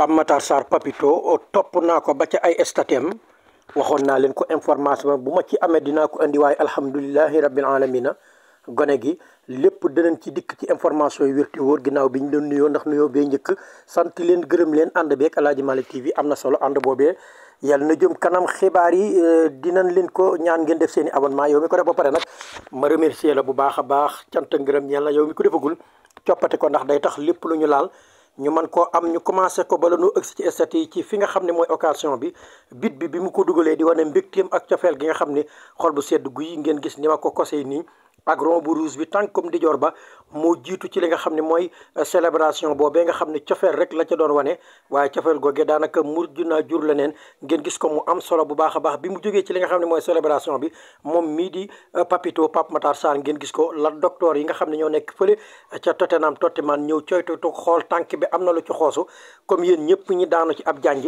Pape Matar Sarr Papito topp naa ko ba ay statem waxoon naa leen ko information bu ma ci amee dinaa ko indi waaye alhamdulilahi rabbil alamina gone gi lépp dinañ ci dikk ci information yi wérte wóor ginnaaw bi ñu doon nuyoo ndax nuyoo bee njëkk sant leen gërëm leen ànd beeg Aladji Malick TV am na solo ànd boobee yàlla na jëm kanam xibaar yi euh, dinañ leen ko ñaan ngeen def seen i abonnement yow mi ko def ba pare nag ma remercier la bu baax a baax cant gërëm ñeel na yow ko defagul coppate ko ndax day tax lépp lu ñu laal ñu mën koo am ñu commencé ko ba la nu ëgsi ci stade yi ci fi nga xam ne mooy occasion bi bit bi bi mu ko dugalee di wane mbégteem ak cofeel gi nga xam ne xol bu sedd guy ngeen gis ni ma ko kosee nii ak rond bu rouge bi comme dijoor ba moo jiitu ci li nga xam ne mooy euh, célébration boobee nga xam ne cofeel rek la ca doon wane waaye cofeel googee daanaka mujj naa jur leneen ngeen gis ko mu am solo bu baax a baax bi mu jógee ci li nga xam ne mooy célébration bi moom mii di euh, Papito Pape Matar Sarr ngeen gis ko la docteur yi nga xam ne ñoo nekk fële ca Tottenham man ñëw coytu xool tànk bi am na lu ci xoosu comme yéen ñëpp ñi daanu ci ab jànj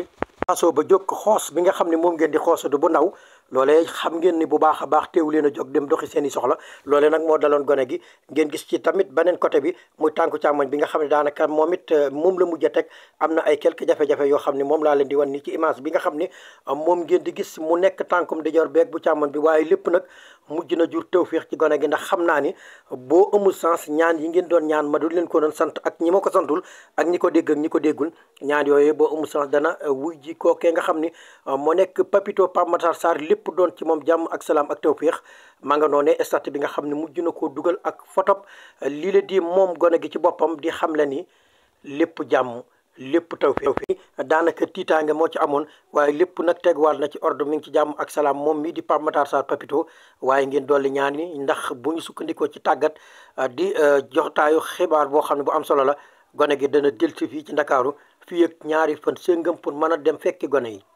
asoo ba jóg xoos bi nga xam ne moom ngeen di xoosatu bu ndaw loole xam ngeen ni bu baax a baax teew leen a jóg dem doxi seeni soxla loole nag moo daloon gone gi ngeen gis ci tamit beneen côté bi mu tànku càmmoñ bi nga xam ne daanaka moom it euh, moom la mujj a teg am na ay quelques jafe yoo xam ne moom laa leen di wan ni ci image bi nga xam ne euh, moom ngeen di gis mu nekk tànkum di jor beeg bu càmmoñ bi waaye lépp nag mujj na jur tawféex ci gone gi ndax xam naa ni boo amul sens ñaan yi ngeen doon ñaan ma du leen ko doon sant ak ñi ma ko santul ak ñi ko dégg ak ñi ko déggul ñaan yooyu boo amu sens dana euh, wuy ji kookee nga xam ni moo nekk papito Pape Matar Sarr lépp pour doon ci moom jàmm ak salaam ak tawféex maa nga noonee stade bi nga xam ne mujj na ko dugal ak fotop lii la di moom gone gi ci boppam di xam le ni lépp jàmm lépp tawféex daanaka tiitaange moo ci amoon waaye lépp nag teguwaat na ci ordre mi ngi ci jàmm ak salaam moom mii di Pape sa Sarr Papito waaye ngeen dolli ñaani ndax bu ñu sukkandikoo ci tàggat ah, di ah, joxtaayu xibaar boo xam ne bu am solo la gone gi dana dellusi fii ci Ndakaaru fii ak ñaari fan séngam pour mën a dem fekki gone yi